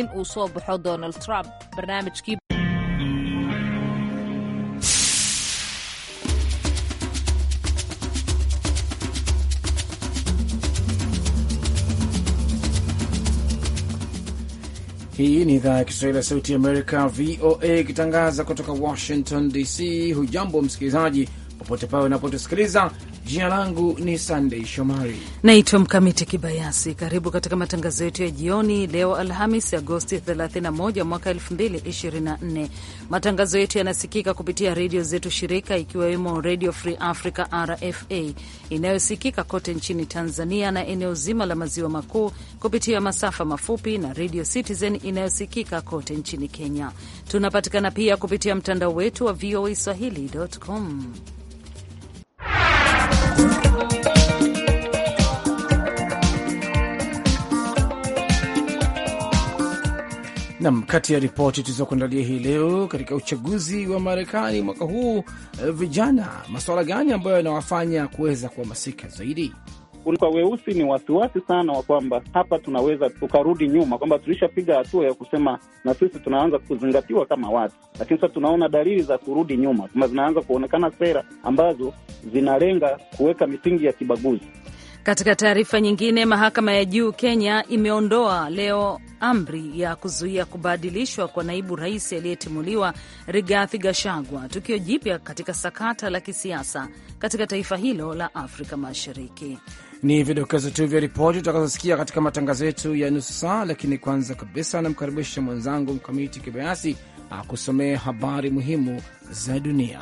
in uu soo baxo Donald Trump. Barnaamijkii Hii ni idhaa ya Kiswahili ya Sauti Amerika, VOA, ikitangaza kutoka Washington DC. Hujambo msikilizaji, popote pale unapotusikiliza. Jina langu ni Sandey Shomari, naitwa Mkamiti Kibayasi. Karibu katika matangazo yetu ya jioni leo Alhamis, Agosti 31 mwaka 2024. Matangazo yetu yanasikika kupitia redio zetu shirika, ikiwemo Redio Free Africa RFA inayosikika kote nchini Tanzania na eneo zima la maziwa makuu kupitia masafa mafupi na Redio Citizen inayosikika kote nchini Kenya. Tunapatikana pia kupitia mtandao wetu wa voa swahili.com. Nam, kati ya ripoti tulizokuandalia hii leo, katika uchaguzi wa Marekani mwaka huu, eh, vijana, masuala gani ambayo yanawafanya kuweza kuhamasika zaidi? kwa weusi ni wasiwasi sana wa kwamba hapa tunaweza tukarudi nyuma, kwamba tulishapiga hatua ya kusema na sisi tunaanza kuzingatiwa kama watu, lakini sasa tunaona dalili za kurudi nyuma, kwamba zinaanza kuonekana sera ambazo zinalenga kuweka misingi ya kibaguzi. Katika taarifa nyingine, mahakama ya juu Kenya imeondoa leo amri ya kuzuia kubadilishwa kwa naibu rais aliyetimuliwa Rigathi Gachagua, tukio jipya katika sakata la kisiasa katika taifa hilo la Afrika Mashariki. Ni vidokezo tu vya ripoti tutakazosikia katika matangazo yetu ya nusu saa, lakini kwanza kabisa namkaribisha mwenzangu Mkamiti Kibayasi akusomee habari muhimu za dunia.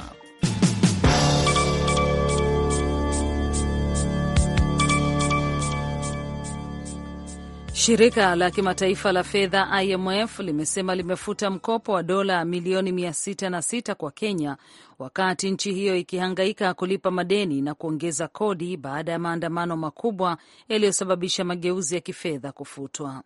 Shirika la kimataifa la fedha IMF limesema limefuta mkopo wa dola milioni 606 kwa Kenya wakati nchi hiyo ikihangaika kulipa madeni na kuongeza kodi baada ya maandamano makubwa yaliyosababisha mageuzi ya kifedha kufutwa.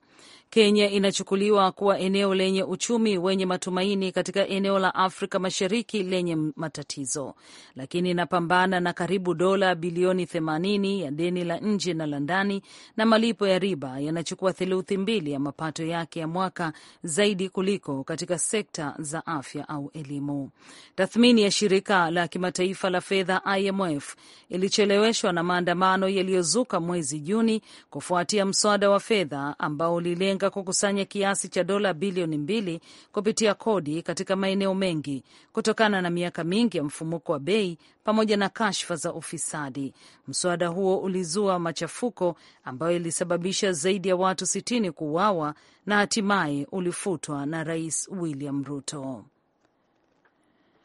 Kenya inachukuliwa kuwa eneo lenye uchumi wenye matumaini katika eneo la Afrika Mashariki lenye matatizo, lakini inapambana na karibu dola bilioni 80 ya deni la nje na la ndani, na malipo ya riba yanachukua theluthi mbili ya mapato yake ya mwaka, zaidi kuliko katika sekta za afya au elimu. Tathmini ya shirika la kimataifa la fedha IMF ilicheleweshwa na maandamano yaliyozuka mwezi Juni kufuatia mswada wa fedha ambao ulilenga kukusanya kiasi cha dola bilioni mbili kupitia kodi katika maeneo mengi kutokana na miaka mingi ya mfumuko wa bei pamoja na kashfa za ufisadi. Mswada huo ulizua machafuko ambayo ilisababisha zaidi ya watu sitini kuuawa na hatimaye ulifutwa na Rais William Ruto.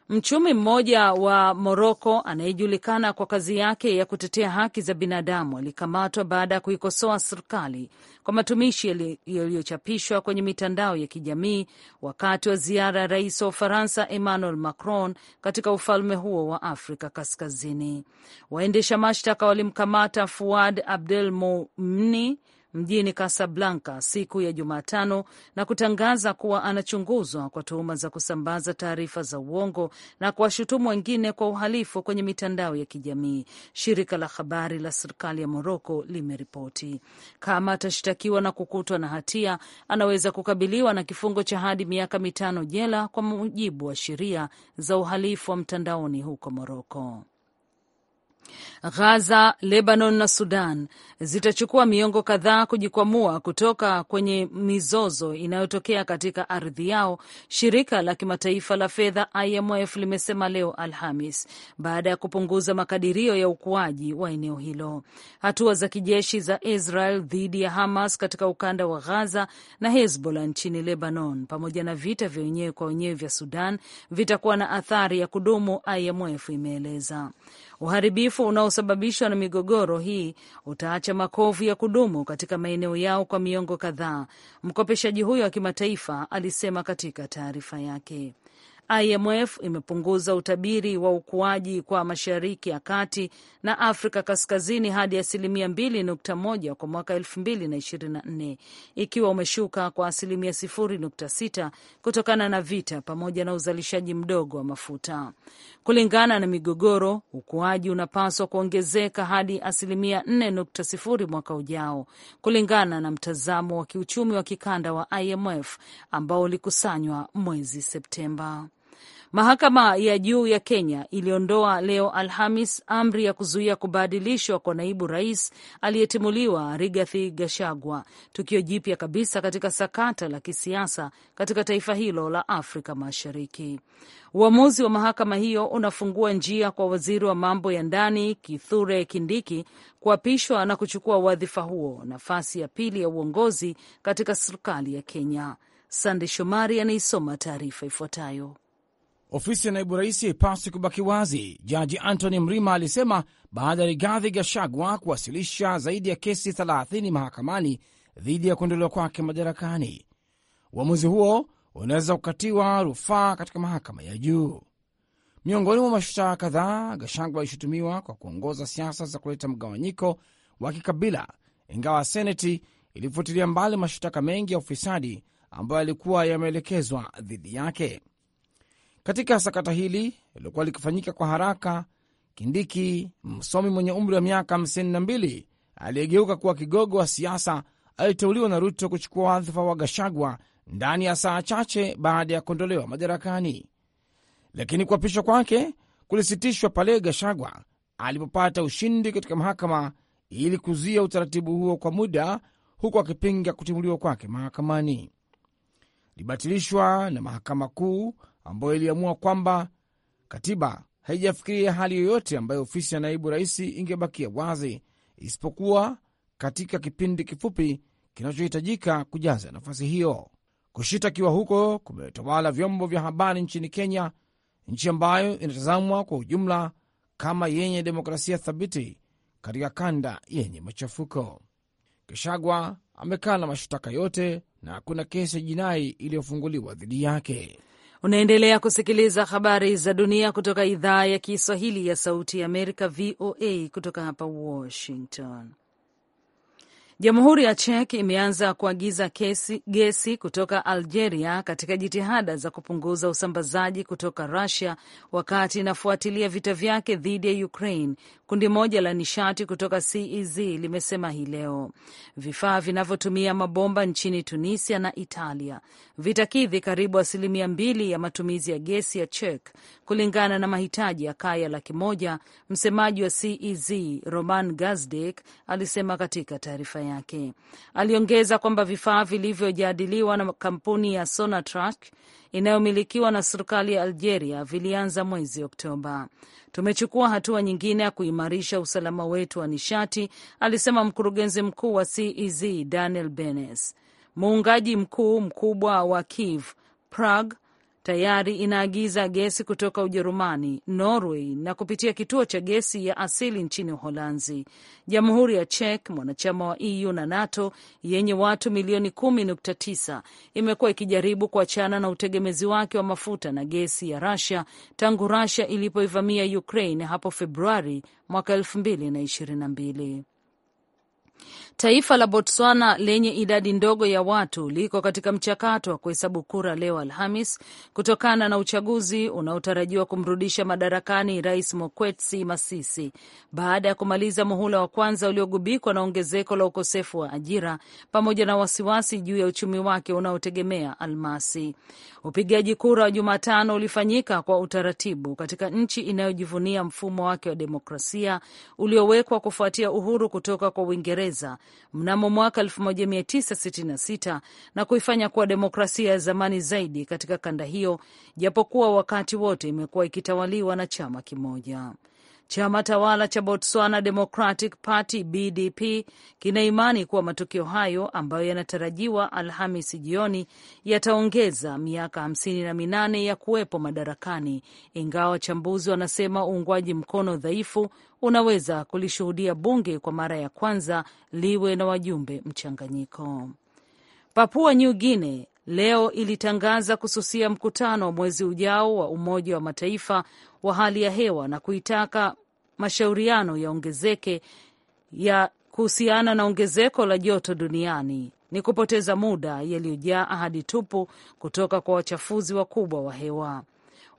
Mchumi mmoja wa Moroko anayejulikana kwa kazi yake ya kutetea haki za binadamu alikamatwa baada ya kuikosoa serikali kwa matumishi yaliyochapishwa kwenye mitandao ya kijamii wakati wa ziara ya rais wa Ufaransa Emmanuel Macron katika ufalme huo wa Afrika Kaskazini. Waendesha mashtaka walimkamata Fuad Abdel Momni mjini Kasablanka siku ya Jumatano na kutangaza kuwa anachunguzwa kwa tuhuma za kusambaza taarifa za uongo na kuwashutumu wengine kwa uhalifu kwenye mitandao ya kijamii, shirika la habari la serikali ya Moroko limeripoti. Kama atashtakiwa na kukutwa na hatia, anaweza kukabiliwa na kifungo cha hadi miaka mitano jela, kwa mujibu wa sheria za uhalifu wa mtandaoni huko Moroko. Gaza, Lebanon na Sudan zitachukua miongo kadhaa kujikwamua kutoka kwenye mizozo inayotokea katika ardhi yao, shirika la kimataifa la fedha IMF limesema leo Alhamis, baada ya kupunguza makadirio ya ukuaji wa eneo hilo. Hatua za kijeshi za Israel dhidi ya Hamas katika ukanda wa Gaza na Hezbollah nchini Lebanon, pamoja na vita vya wenyewe kwa wenyewe vya Sudan vitakuwa na athari ya kudumu, IMF imeeleza. Uharibifu unaosababishwa na migogoro hii utaacha makovu ya kudumu katika maeneo yao kwa miongo kadhaa, mkopeshaji huyo wa kimataifa alisema katika taarifa yake. IMF imepunguza utabiri wa ukuaji kwa Mashariki ya Kati na Afrika Kaskazini hadi asilimia 2.1 kwa mwaka 2024 ikiwa umeshuka kwa asilimia 0.6 kutokana na vita pamoja na uzalishaji mdogo wa mafuta. Kulingana na migogoro, ukuaji unapaswa kuongezeka hadi asilimia 4.0 mwaka ujao, kulingana na mtazamo wa kiuchumi wa kikanda wa IMF ambao ulikusanywa mwezi Septemba. Mahakama ya juu ya Kenya iliondoa leo Alhamis amri ya kuzuia kubadilishwa kwa naibu rais aliyetimuliwa Rigathi gashagwa tukio jipya kabisa katika sakata la kisiasa katika taifa hilo la Afrika Mashariki. Uamuzi wa mahakama hiyo unafungua njia kwa waziri wa mambo ya ndani Kithure Kindiki kuapishwa na kuchukua wadhifa huo, nafasi ya pili ya uongozi katika serikali ya Kenya. Sande Shomari anaisoma taarifa ifuatayo. Ofisi ya naibu rais haipaswi kubaki wazi, Jaji Anthony Mrima alisema baada ya Rigathi gashagwa kuwasilisha zaidi ya kesi 30 mahakamani dhidi ya kuondolewa kwake madarakani. Uamuzi huo unaweza kukatiwa rufaa katika mahakama ya juu. Miongoni mwa mashtaka kadhaa, gashagwa alishutumiwa kwa kuongoza siasa za kuleta mgawanyiko wa kikabila, ingawa Seneti ilifutilia mbali mashtaka mengi ya ufisadi ambayo yalikuwa yameelekezwa dhidi yake. Katika sakata hili lilokuwa likifanyika kwa haraka, Kindiki, msomi mwenye umri wa miaka 52 aliyegeuka kuwa kigogo wa siasa, aliteuliwa na Ruto kuchukua wadhifa wa Gashagwa ndani ya saa chache baada ya kuondolewa madarakani, lakini kuapishwa kwake kulisitishwa pale Gashagwa alipopata ushindi katika mahakama ili kuzuia utaratibu huo kwa muda, huku akipinga kutimuliwa kwake mahakamani. Libatilishwa na mahakama kuu ambayo iliamua kwamba katiba haijafikiria hali yoyote ambayo ofisi ya naibu rais ingebakia wazi isipokuwa katika kipindi kifupi kinachohitajika kujaza nafasi hiyo. Kushitakiwa huko kumetawala vyombo vya habari nchini Kenya, nchi ambayo inatazamwa kwa ujumla kama yenye demokrasia thabiti katika kanda yenye machafuko. amekaa amekana mashtaka yote na hakuna kesi ya jinai iliyofunguliwa dhidi yake. Unaendelea kusikiliza habari za dunia kutoka idhaa ya Kiswahili ya Sauti ya Amerika, VOA, kutoka hapa Washington. Jamhuri ya Czech imeanza kuagiza kesi, gesi kutoka Algeria katika jitihada za kupunguza usambazaji kutoka Russia wakati inafuatilia vita vyake dhidi ya Ukraine. Kundi moja la nishati kutoka CEZ limesema hii leo vifaa vinavyotumia mabomba nchini Tunisia na Italia vitakidhi karibu asilimia mbili ya matumizi ya gesi ya Czech kulingana na mahitaji ya kaya laki moja. Msemaji wa CEZ Roman Gazdik alisema katika taarifa yake. Aliongeza kwamba vifaa vilivyojadiliwa na kampuni ya Sonatrach inayomilikiwa na serikali ya Algeria vilianza mwezi Oktoba. Tumechukua hatua nyingine ya kuimarisha usalama wetu wa nishati, alisema mkurugenzi mkuu wa CEZ Daniel Benes. Muungaji mkuu mkubwa wa Kiev, Prague tayari inaagiza gesi kutoka Ujerumani, Norway na kupitia kituo cha gesi ya asili nchini Uholanzi. Jamhuri ya Czech, mwanachama wa EU na NATO yenye watu milioni 10.9, imekuwa ikijaribu kuachana na utegemezi wake wa mafuta na gesi ya rasia tangu Russia ilipoivamia Ukraine hapo Februari mwaka 2022. Taifa la Botswana lenye idadi ndogo ya watu liko katika mchakato wa kuhesabu kura leo Alhamis kutokana na uchaguzi unaotarajiwa kumrudisha madarakani Rais Mokwetsi Masisi baada ya kumaliza muhula wa kwanza uliogubikwa na ongezeko la ukosefu wa ajira pamoja na wasiwasi juu ya uchumi wake unaotegemea almasi. Upigaji kura wa Jumatano ulifanyika kwa utaratibu katika nchi inayojivunia mfumo wake wa demokrasia uliowekwa kufuatia uhuru kutoka kwa Uingereza mnamo mwaka 1966 na kuifanya kuwa demokrasia ya zamani zaidi katika kanda hiyo, japokuwa wakati wote imekuwa ikitawaliwa na chama kimoja. Chama tawala cha Botswana Democratic Party BDP kina imani kuwa matukio hayo ambayo yanatarajiwa alhamis jioni yataongeza miaka hamsini na minane ya kuwepo madarakani, ingawa wachambuzi wanasema uungwaji mkono dhaifu unaweza kulishuhudia bunge kwa mara ya kwanza liwe na wajumbe mchanganyiko. Papua New Guinea leo ilitangaza kususia mkutano mwezi ujao wa Umoja wa Mataifa wa hali ya hewa na kuitaka mashauriano yaongezeke ya kuhusiana na ongezeko la joto duniani. Ni kupoteza muda yaliyojaa ahadi tupu kutoka kwa wachafuzi wakubwa wa hewa.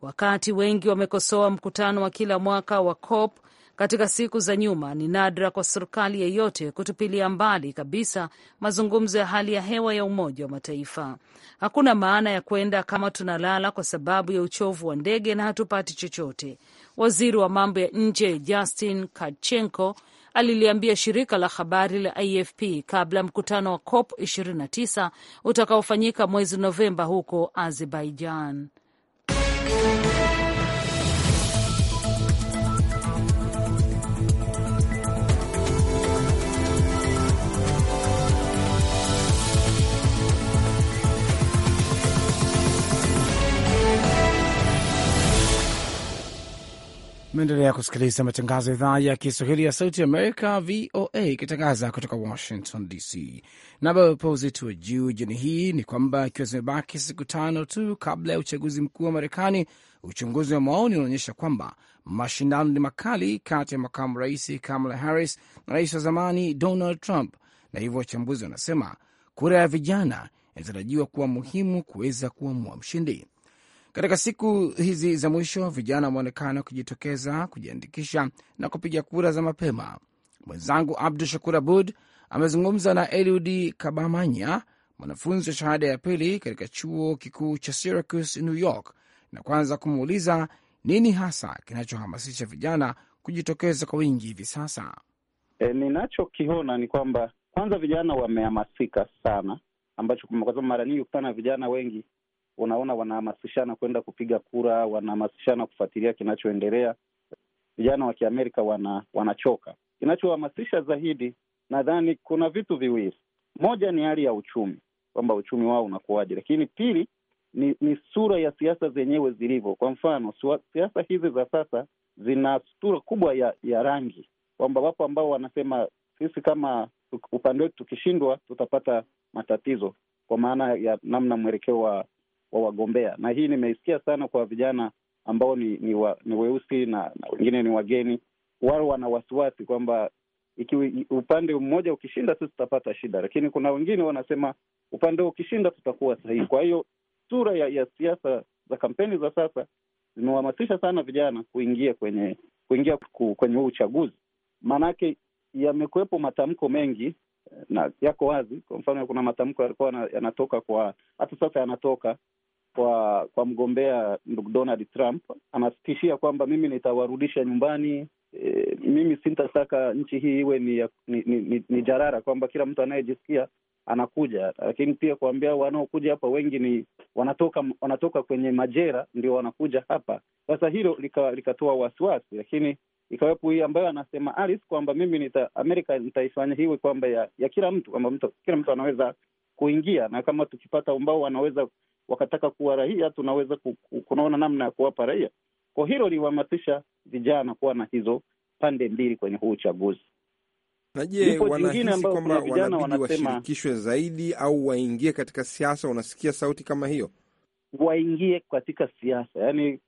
Wakati wengi wamekosoa mkutano wa kila mwaka wa COP katika siku za nyuma, ni nadra kwa serikali yeyote kutupilia mbali kabisa mazungumzo ya hali ya hewa ya Umoja wa Mataifa. Hakuna maana ya kwenda kama tunalala kwa sababu ya uchovu wa ndege na hatupati chochote. Waziri wa mambo ya nje Justin Kachenko aliliambia shirika la habari la AFP kabla mkutano wa COP 29 utakaofanyika mwezi Novemba huko Azerbaijan. maendelea kusikiliza matangazo ya idhaa ya Kiswahili ya Sauti Amerika, VOA, ikitangaza kutoka Washington DC. Nabaopa uzito wa juu jioni hii ni kwamba ikiwa zimebaki siku tano tu kabla ya uchaguzi mkuu wa Marekani, uchunguzi wa maoni unaonyesha kwamba mashindano ni makali kati ya makamu rais Kamala Harris na rais wa zamani Donald Trump, na hivyo wachambuzi wanasema kura ya vijana inatarajiwa kuwa muhimu kuweza kuamua mshindi. Katika siku hizi za mwisho, vijana wameonekana kujitokeza kujiandikisha na kupiga kura za mapema. Mwenzangu Abdu Shakur Abud amezungumza na Eliudi Kabamanya, mwanafunzi wa shahada ya pili katika chuo kikuu cha Syracuse, New York, na kwanza kumuuliza nini hasa kinachohamasisha vijana kujitokeza kwa wingi hivi sasa. E, ninachokiona ni kwamba kwanza vijana wamehamasika sana, ambacho kwa sababu mara nyingi kukutana na vijana wengi unaona wanahamasishana kwenda kupiga kura, wanahamasishana kufuatilia kinachoendelea. Vijana wa Kiamerika wana, wanachoka. Kinachohamasisha zaidi nadhani kuna vitu viwili, moja ni hali ya uchumi, kwamba uchumi wao unakuwaje, lakini pili ni, ni sura ya siasa zenyewe zilivyo. Kwa mfano siasa hizi za sasa zina sura kubwa ya, ya rangi, kwamba wapo ambao wanasema sisi kama upande wetu tukishindwa tutapata matatizo, kwa maana ya namna mwelekeo wa wa wagombea, na hii nimeisikia sana kwa vijana ambao ni ni, wa, ni weusi na wengine ni wageni. Wao wana wasiwasi kwamba iki upande mmoja ukishinda tu tutapata shida, lakini kuna wengine wanasema upande ukishinda tutakuwa sahihi. Kwa hiyo sura ya, ya siasa za kampeni za sasa zimehamasisha sana vijana kuingia kwenye kuingia kwenye huu uchaguzi, maanake yamekuwepo matamko mengi eh, na yako wazi. Kwa mfano, kuna matamko yalikuwa yanatoka kwa hata sasa yanatoka kwa kwa mgombea ndugu Donald Trump. Anatishia kwamba mimi nitawarudisha nyumbani. E, mimi sintataka nchi hii iwe ni, ni, ni, ni jarara kwamba kila mtu anayejisikia anakuja, lakini pia kuambia wanaokuja hapa wengi ni wanatoka wanatoka kwenye majera ndio wanakuja hapa. Sasa hilo likatoa lika wasiwasi, lakini ikawepo hii ambayo anasema Alice kwamba mimi nita, Amerika nitaifanya hiwe kwamba ya, ya kila mtu kwamba mtu, kila mtu anaweza kuingia na kama tukipata umbao wanaweza wakataka kuwa raia, tunaweza kunaona namna ya kuwapa raia. Kwa hilo liliwahamasisha vijana kuwa na hizo pande mbili kwenye huu uchaguzi. Na je, wanahisi kwamba wanabidi washirikishwe zaidi au waingie katika siasa? Unasikia sauti kama hiyo, waingie katika siasa, yaani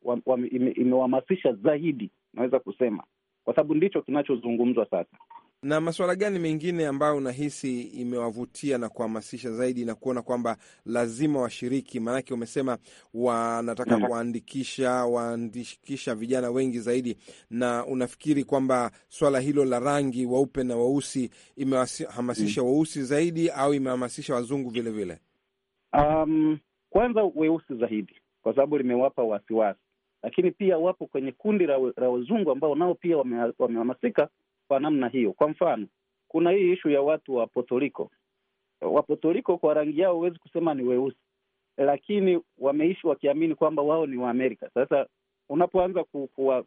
imewahamasisha zaidi, naweza kusema, kwa sababu ndicho kinachozungumzwa sasa. Na masuala gani mengine ambayo unahisi imewavutia na kuhamasisha zaidi na kuona kwamba lazima washiriki? Maanake umesema wanataka mm, kuwaandikisha waandikisha vijana wengi zaidi, na unafikiri kwamba swala hilo la rangi weupe na weusi imewahamasisha mm, weusi zaidi au imehamasisha wazungu vilevile vile? Um, kwanza weusi zaidi kwa sababu limewapa wasiwasi, lakini pia wapo kwenye kundi la wazungu ambao nao pia wamehamasika wame kwa namna hiyo. Kwa mfano, kuna hii ishu ya watu wa Potoliko. Wapotoliko kwa rangi yao huwezi kusema ni weusi, lakini wameishi wakiamini kwamba wao ni Waamerika. Sasa unapoanza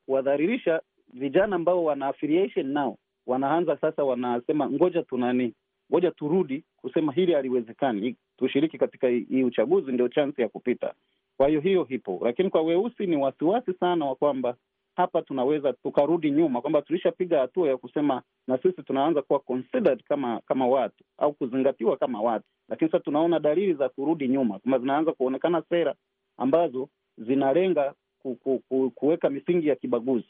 kuwadharirisha kuwa vijana ambao wana affiliation nao, wanaanza sasa, wanasema ngoja tunani, ngoja turudi kusema hili haliwezekani, tushiriki katika hii uchaguzi, ndio chansi ya kupita. Kwa hiyo hiyo hipo, lakini kwa weusi ni wasiwasi sana wa kwamba hapa tunaweza tukarudi nyuma kwamba tulishapiga hatua ya kusema na sisi tunaanza kuwa considered kama kama watu au kuzingatiwa kama watu, lakini sasa tunaona dalili za kurudi nyuma, kwamba zinaanza kuonekana sera ambazo zinalenga ku, ku, ku, kuweka misingi ya kibaguzi.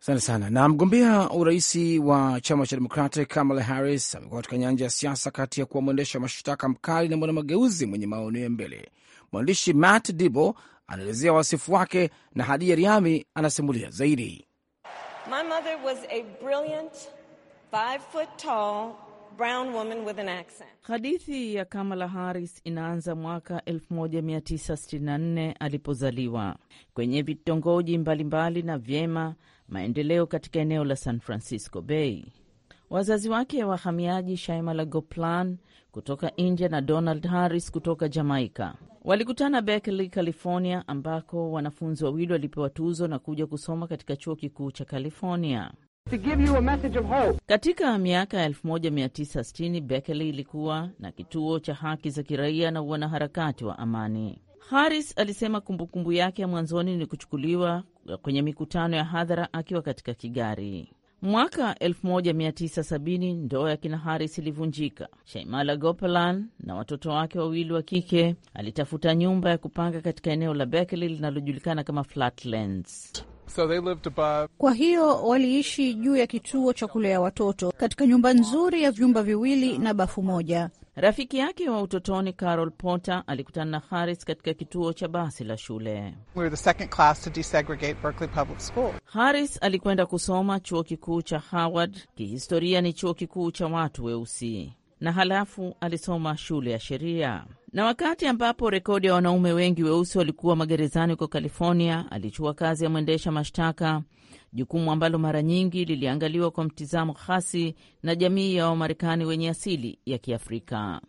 Asante sana. Na mgombea urais wa chama cha Democratic Kamala Harris amekuwa katika nyanja ya siasa kati ya kuwa mwendesha mashtaka mkali na mwanamageuzi mwenye maoneo ya mbele. Mwandishi Matt Dibo anaelezea wasifu wake, na Hadia Riami anasimulia zaidi. My mother was a brilliant five foot tall brown woman with an accent. Hadithi ya Kamala Harris inaanza mwaka 1964 alipozaliwa kwenye vitongoji mbalimbali na vyema maendeleo katika eneo la San Francisco Bay. Wazazi wake wahamiaji Shaimala Goplan kutoka India na Donald Harris kutoka Jamaica walikutana Berkeley, California, ambako wanafunzi wawili walipewa tuzo na kuja kusoma katika chuo kikuu cha California. To give you a of hope. Katika miaka ya 1960 Berkeley ilikuwa na kituo cha haki za kiraia na wanaharakati wa amani. Harris alisema kumbukumbu yake ya mwanzoni ni kuchukuliwa kwenye mikutano ya hadhara akiwa katika kigari. Mwaka 1970 ndoa ya kina Haris ilivunjika. Shaimala Gopalan na watoto wake wawili wa kike alitafuta nyumba ya kupanga katika eneo la Berkeley linalojulikana kama Flatlands. So they lived above. Kwa hiyo waliishi juu ya kituo cha kulea watoto katika nyumba nzuri ya vyumba viwili na bafu moja. Rafiki yake wa utotoni Carol Potter alikutana na Harris katika kituo cha basi la shule. We were the second class to desegregate Berkeley Public School. Harris alikwenda kusoma chuo kikuu cha Howard, kihistoria ni chuo kikuu cha watu weusi, na halafu alisoma shule ya sheria. Na wakati ambapo rekodi ya wanaume wengi weusi walikuwa magerezani huko California, alichukua kazi ya mwendesha mashtaka, jukumu ambalo mara nyingi liliangaliwa kwa mtizamo hasi na jamii ya Wamarekani wenye asili ya Kiafrika.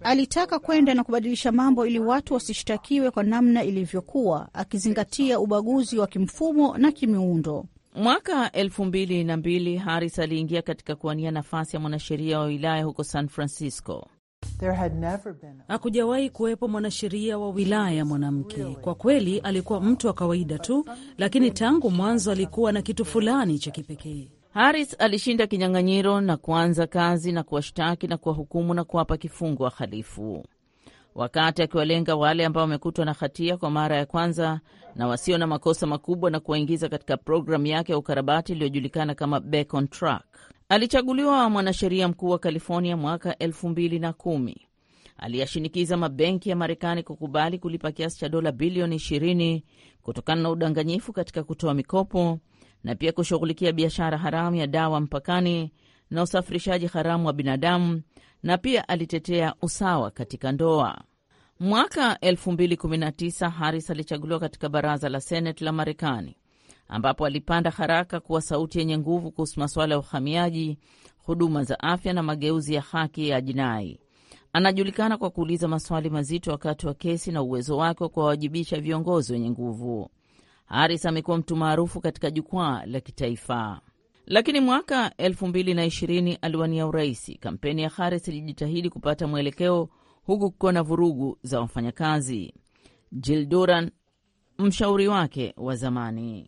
Alitaka kwenda na kubadilisha mambo ili watu wasishtakiwe kwa namna ilivyokuwa, akizingatia ubaguzi wa kimfumo na kimiundo. Mwaka elfu mbili na mbili aliingia katika kuwania nafasi ya mwanasheria wa wilaya huko San Francisco. Hakujawahi kuwepo mwanasheria wa wilaya mwanamke. Kwa kweli, alikuwa mtu wa kawaida tu, lakini tangu mwanzo alikuwa na kitu fulani cha kipekee. Harris alishinda kinyang'anyiro na kuanza kazi na kuwashtaki na kuwahukumu na kuwapa kifungo wahalifu wakati akiwalenga wale ambao wamekutwa na hatia kwa mara ya kwanza na wasio na makosa makubwa na kuwaingiza katika programu yake ya ukarabati iliyojulikana kama Back on Track. Alichaguliwa mwanasheria mkuu wa California mwaka elfu mbili na kumi. Aliyashinikiza mabenki ya Marekani kukubali kulipa kiasi cha dola bilioni 20 kutokana na udanganyifu katika kutoa mikopo na pia kushughulikia biashara haramu ya dawa mpakani na usafirishaji haramu wa binadamu na pia alitetea usawa katika ndoa. Mwaka 2019 Harris alichaguliwa katika baraza la Seneti la Marekani, ambapo alipanda haraka kuwa sauti yenye nguvu kuhusu masuala ya uhamiaji, huduma za afya na mageuzi ya haki ya jinai. Anajulikana kwa kuuliza maswali mazito wakati wa kesi na uwezo wake wa kuwawajibisha viongozi wenye nguvu. Harris amekuwa mtu maarufu katika jukwaa la kitaifa. Lakini mwaka 2020 aliwania uraisi. Kampeni ya Harris ilijitahidi kupata mwelekeo huku kukiwa na vurugu za wafanyakazi. Jill Duran, mshauri wake wa zamani: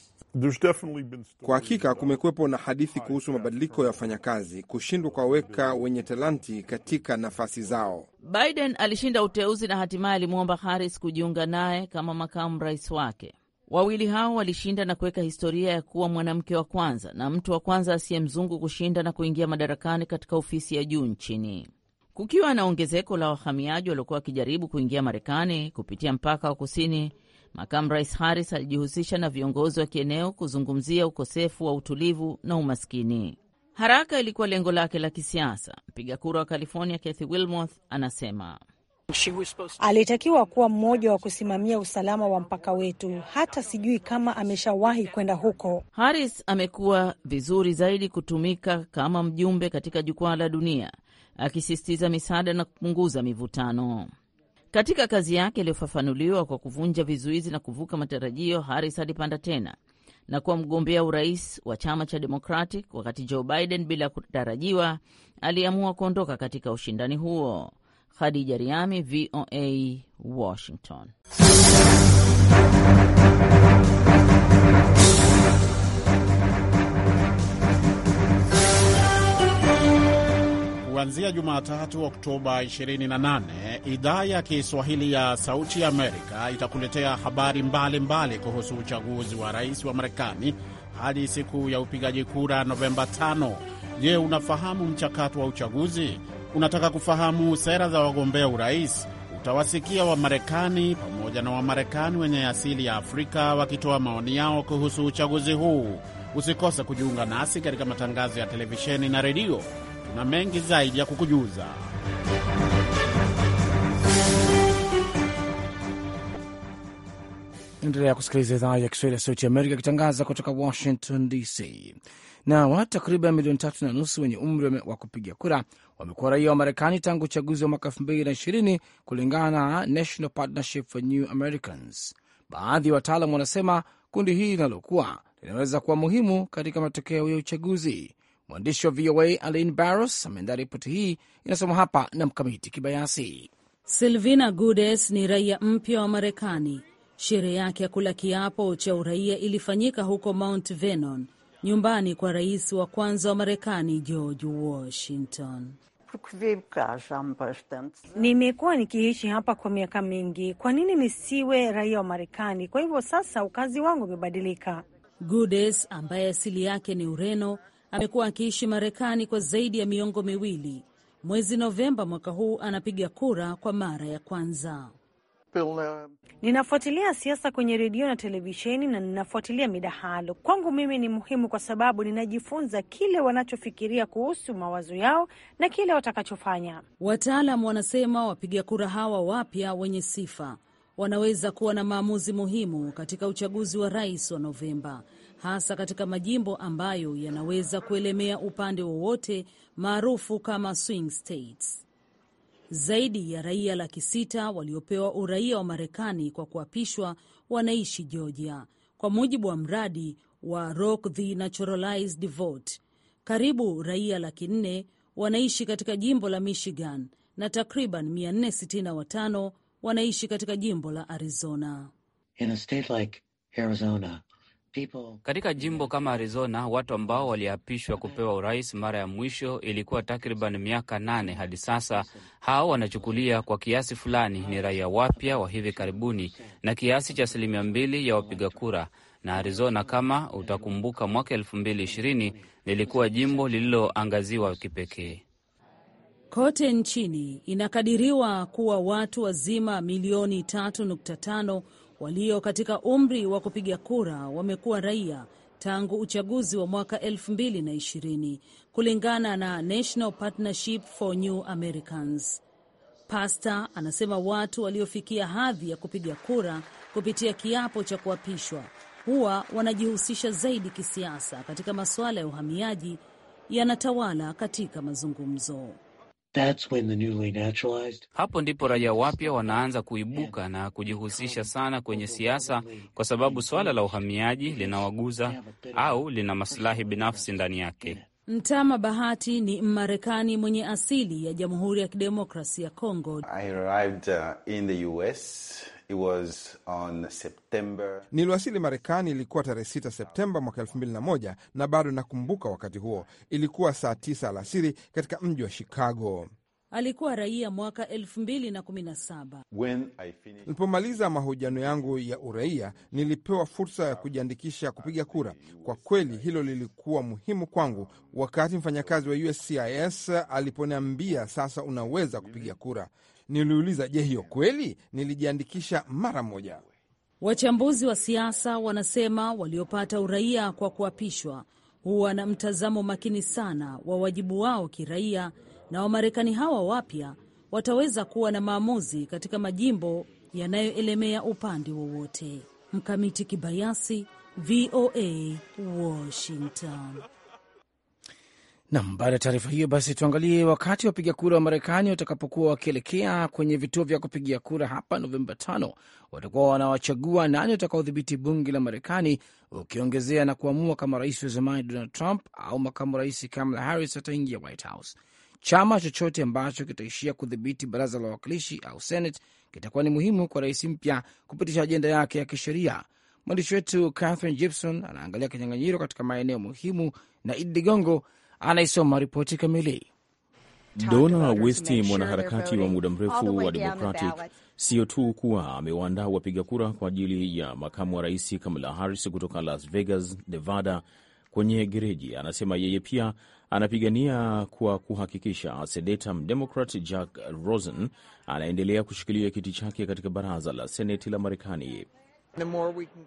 kwa hakika kumekuwepo na hadithi kuhusu mabadiliko ya wafanyakazi kushindwa weka wenye talanti katika nafasi zao. Biden alishinda uteuzi na hatimaye alimwomba Harris kujiunga naye kama makamu rais wake. Wawili hao walishinda na kuweka historia ya kuwa mwanamke wa kwanza na mtu wa kwanza asiye mzungu kushinda na kuingia madarakani katika ofisi ya juu nchini kukiwa na ongezeko la wahamiaji waliokuwa wakijaribu kuingia Marekani kupitia mpaka wa kusini. Makamu Rais Harris alijihusisha na viongozi wa kieneo kuzungumzia ukosefu wa utulivu na umaskini. Haraka ilikuwa lengo lake la kisiasa. Mpiga kura wa California Kathy Wilmoth anasema alitakiwa kuwa mmoja wa kusimamia usalama wa mpaka wetu. Hata sijui kama ameshawahi kwenda huko. Harris amekuwa vizuri zaidi kutumika kama mjumbe katika jukwaa la dunia akisisitiza misaada na kupunguza mivutano. Katika kazi yake iliyofafanuliwa kwa kuvunja vizuizi na kuvuka matarajio, Harris alipanda tena na kuwa mgombea urais wa chama cha Democratic wakati Joe Biden bila kutarajiwa aliamua kuondoka katika ushindani huo. Khadija Riami, VOA, Washington. Kuanzia Jumatatu Oktoba 28, idhaa ya Kiswahili ya Sauti Amerika itakuletea habari mbalimbali mbali kuhusu uchaguzi wa rais wa Marekani hadi siku ya upigaji kura Novemba 5. Je, unafahamu mchakato wa uchaguzi? Unataka kufahamu sera za wagombea urais? Utawasikia Wamarekani pamoja na Wamarekani wenye asili ya Afrika wakitoa maoni yao kuhusu uchaguzi huu. Usikose kujiunga nasi katika matangazo ya televisheni na redio na mengi zaidi ya kukujuza. Endelea kusikiliza idhaa ya Kiswahili ya Sauti Amerika ikitangaza kutoka Washington DC. Na watu takriban milioni tatu na nusu wenye umri wa kupiga kura wamekuwa raia wa Marekani tangu uchaguzi wa mwaka elfu mbili na ishirini kulingana na National Partnership for New Americans. Baadhi ya wataalam wanasema kundi hili linalokuwa linaweza kuwa muhimu katika matokeo ya uchaguzi. Mwandishi wa VOA alin Barros ameandaa ripoti hii, inasoma hapa na Mkamiti Kibayasi. Silvina Gudes ni raia mpya wa Marekani. Sherehe yake ya kula kiapo cha uraia ilifanyika huko Mount Vernon, nyumbani kwa rais wa kwanza wa Marekani George Washington. Nimekuwa nikiishi hapa kwa miaka mingi, kwa nini nisiwe raia wa Marekani? Kwa hivyo sasa ukazi wangu umebadilika. Gudes ambaye asili yake ni Ureno amekuwa akiishi Marekani kwa zaidi ya miongo miwili. Mwezi Novemba mwaka huu anapiga kura kwa mara ya kwanza. Ninafuatilia siasa kwenye redio na televisheni na ninafuatilia midahalo. Kwangu mimi ni muhimu kwa sababu ninajifunza kile wanachofikiria kuhusu mawazo yao na kile watakachofanya. Wataalam wanasema wapiga kura hawa wapya wenye sifa wanaweza kuwa na maamuzi muhimu katika uchaguzi wa rais wa Novemba hasa katika majimbo ambayo yanaweza kuelemea upande wowote maarufu kama swing states. Zaidi ya raia laki sita waliopewa uraia wa Marekani kwa kuapishwa wanaishi Georgia, kwa mujibu wa mradi wa Rock the Naturalized Vote. Karibu raia laki nne wanaishi katika jimbo la Michigan na takriban 465 wanaishi katika jimbo la Arizona. In a state like Arizona katika jimbo kama Arizona, watu ambao waliapishwa kupewa urais mara ya mwisho ilikuwa takriban miaka nane hadi sasa, hao wanachukulia kwa kiasi fulani ni raia wapya wa hivi karibuni na kiasi cha asilimia mbili ya wapiga kura. Na Arizona, kama utakumbuka, mwaka elfu mbili ishirini lilikuwa jimbo lililoangaziwa kipekee kote nchini. Inakadiriwa kuwa watu wazima milioni 3.5 walio katika umri wa kupiga kura wamekuwa raia tangu uchaguzi wa mwaka 2020 kulingana na National Partnership for New Americans. Pasta anasema watu waliofikia hadhi ya kupiga kura kupitia kiapo cha kuapishwa huwa wanajihusisha zaidi kisiasa katika masuala ya uhamiaji yanatawala katika mazungumzo. That's when the newly naturalized... Hapo ndipo raia wapya wanaanza kuibuka na kujihusisha sana kwenye siasa, kwa sababu swala la uhamiaji linawaguza au lina masilahi binafsi ndani yake. Mtama Bahati ni Mmarekani mwenye asili ya Jamhuri ya Kidemokrasi ya Kongo. I arrived, uh, in the US It was on September. Niliwasili Marekani, ilikuwa tarehe 6 Septemba mwaka 2001 na bado nakumbuka wakati huo, ilikuwa saa 9 alasiri katika mji wa Chicago. Alikuwa raia mwaka 2017. Nilipomaliza mahojiano yangu ya uraia, nilipewa fursa ya kujiandikisha kupiga kura. Kwa kweli hilo lilikuwa muhimu kwangu, wakati mfanyakazi wa USCIS aliponiambia sasa unaweza kupiga kura. Niliuliza, je, hiyo kweli? Nilijiandikisha mara moja. Wachambuzi wa siasa wanasema waliopata uraia kwa kuapishwa huwa na mtazamo makini sana wa wajibu wao kiraia, na Wamarekani hawa wapya wataweza kuwa na maamuzi katika majimbo yanayoelemea upande wowote. Mkamiti Kibayasi, VOA, Washington. Nam, baada ya taarifa hiyo, basi tuangalie wakati wapiga kura wa Marekani watakapokuwa wakielekea kwenye vituo vya kupigia kura hapa Novemba tano, watakuwa wanawachagua nani watakaodhibiti bunge la Marekani, ukiongezea na kuamua kama rais wa zamani Donald Trump au makamu rais Kamala Harris ataingia White House. Chama chochote ambacho kitaishia kudhibiti baraza la wawakilishi au Senate kitakuwa ni muhimu kwa rais mpya kupitisha ajenda yake ya kisheria. Mwandishi wetu Catherine Gibson anaangalia kinyang'anyiro katika maeneo muhimu, na Idi Ligongo anaisoma ripoti kamili. Dona westy mwanaharakati wa muda mrefu wa Democratic, sio tu kuwa amewaandaa wapiga kura kwa ajili ya makamu wa rais Kamala Harris kutoka Las Vegas, Nevada, kwenye gereji. Anasema yeye pia anapigania kwa kuhakikisha seneta mdemokrat Jack Rosen anaendelea kushikilia kiti chake katika baraza la seneti la Marekani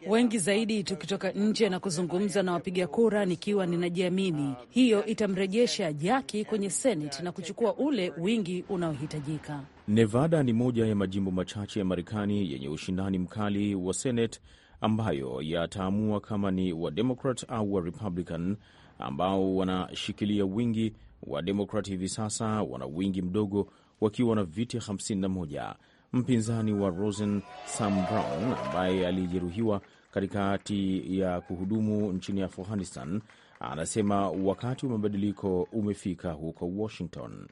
wengi zaidi tukitoka nje na kuzungumza na wapiga kura nikiwa ninajiamini. Uh, Hiyo itamrejesha Jaki kwenye Seneti na kuchukua ule wingi unaohitajika. Nevada ni moja ya majimbo machache ya Marekani yenye ushindani mkali wa Seneti ambayo yataamua kama ni Wademokrat au Warepublican ambao wanashikilia wingi. Wademokrat hivi sasa wana wingi mdogo wakiwa na viti 51 mpinzani wa Rosen, Sam Brown, ambaye alijeruhiwa katikati ya kuhudumu nchini Afghanistan, anasema wakati wa mabadiliko umefika huko Washington.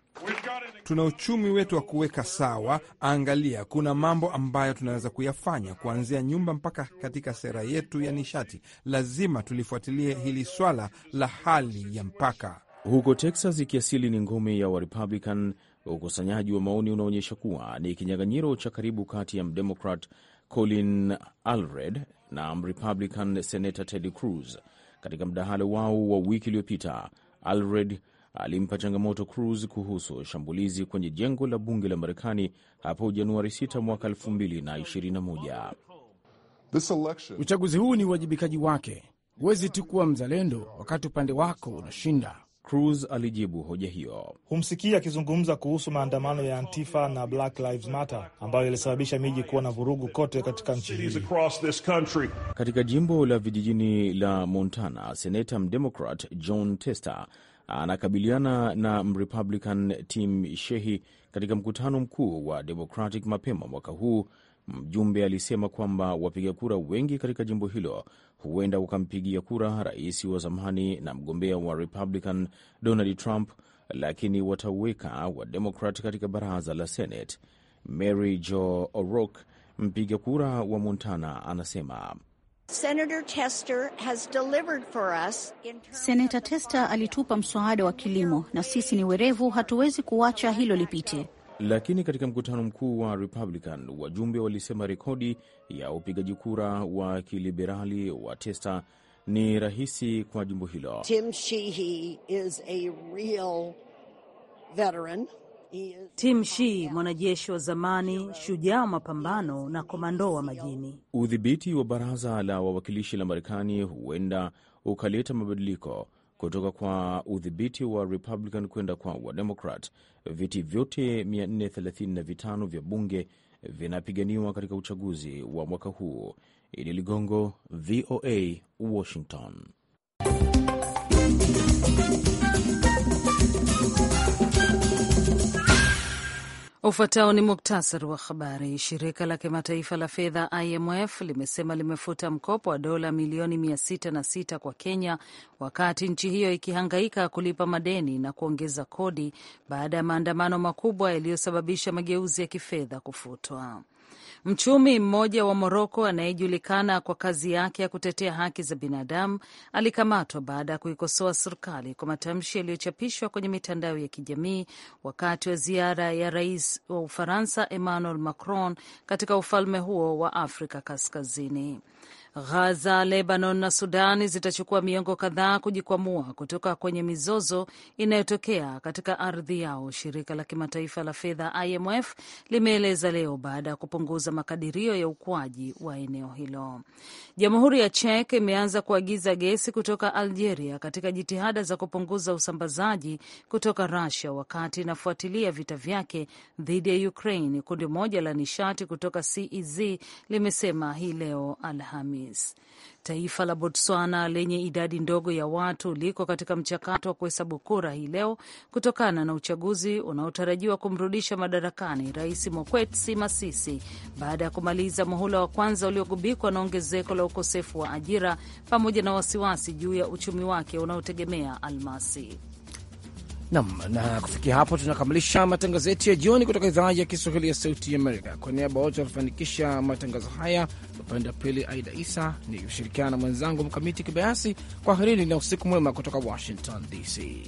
Tuna uchumi wetu wa kuweka sawa. Angalia, kuna mambo ambayo tunaweza kuyafanya, kuanzia nyumba mpaka katika sera yetu ya nishati. Lazima tulifuatilie hili swala la hali ya mpaka. Huko Texas, ikiasili ni ngome ya Warepublican Ukusanyaji wa maoni unaonyesha kuwa ni kinyang'anyiro cha karibu kati ya mdemokrat Colin Alred na mrepublican senata Ted Cruz. Katika mdahalo wao wa wiki iliyopita, Alred alimpa changamoto Cruz kuhusu shambulizi kwenye jengo la bunge la Marekani hapo Januari 6 mwaka 2021. Uchaguzi huu ni uwajibikaji wake. Huwezi tu kuwa mzalendo wakati upande wako unashinda. Cruz alijibu hoja hiyo. humsikii akizungumza kuhusu maandamano ya Antifa na Black Lives Matter ambayo ilisababisha miji kuwa na vurugu kote katika nchi hii. Katika jimbo la vijijini la Montana, seneta mdemokrat John Tester anakabiliana na mrepublican Tim Shehi katika mkutano mkuu wa Democratic mapema mwaka huu Mjumbe alisema kwamba wapiga kura wengi katika jimbo hilo huenda wakampigia kura rais wa zamani na mgombea wa Republican Donald Trump, lakini wataweka wa demokrat katika baraza la Senate. Mary Jo O'Rourke, mpiga kura wa Montana, anasema Senator Tester has delivered for us in terms Senator Tester alitupa mswada wa kilimo, na sisi ni werevu, hatuwezi kuacha hilo lipite. Lakini katika mkutano mkuu wa Republican wajumbe walisema rekodi ya upigaji kura wa kiliberali wa Testa ni rahisi kwa jimbo hilo. Tim Sheehy is a real veteran. Tim Shii, mwanajeshi wa zamani, shujaa wa mapambano na komando wa majini. Udhibiti wa baraza la wawakilishi la Marekani huenda ukaleta mabadiliko kutoka kwa udhibiti wa Republican kwenda kwa Wademokrat. Viti vyote 435 vya bunge vinapiganiwa katika uchaguzi wa mwaka huu. Idi Ligongo, VOA, Washington. Ufuatao ni muktasari wa habari. Shirika la kimataifa la fedha IMF limesema limefuta mkopo wa dola milioni 606 kwa Kenya wakati nchi hiyo ikihangaika kulipa madeni na kuongeza kodi baada ya maandamano makubwa yaliyosababisha mageuzi ya kifedha kufutwa. Mchumi mmoja wa Moroko anayejulikana kwa kazi yake ya kutetea haki za binadamu alikamatwa baada ya kuikosoa serikali kwa matamshi yaliyochapishwa kwenye mitandao ya kijamii wakati wa ziara ya rais wa Ufaransa Emmanuel Macron katika ufalme huo wa Afrika Kaskazini. Ghaza, Lebanon na Sudani zitachukua miongo kadhaa kujikwamua kutoka kwenye mizozo inayotokea katika ardhi yao, shirika la kimataifa la fedha IMF limeeleza leo baada ya kupunguza makadirio ya ukuaji wa eneo hilo. Jamhuri ya Chek imeanza kuagiza gesi kutoka Algeria katika jitihada za kupunguza usambazaji kutoka rasia wakati inafuatilia vita vyake dhidi ya Ukraine, kundi moja la nishati kutoka CEZ limesema hii leo Alhamisi. Alhamis. Taifa la Botswana lenye idadi ndogo ya watu liko katika mchakato wa kuhesabu kura hii leo kutokana na uchaguzi unaotarajiwa kumrudisha madarakani Rais Mokwetsi Masisi baada ya kumaliza muhula wa kwanza uliogubikwa na ongezeko la ukosefu wa ajira pamoja na wasiwasi juu ya uchumi wake unaotegemea almasi. Nam, na kufikia hapo tunakamilisha matangazo yetu ya jioni kutoka idhaa ya Kiswahili ya Sauti Amerika. Kwa niaba wote walifanikisha matangazo haya, upande wa pili Aida Isa ni kushirikiana na mwenzangu Mkamiti Kibayasi. kwa harini na usiku mwema kutoka Washington DC.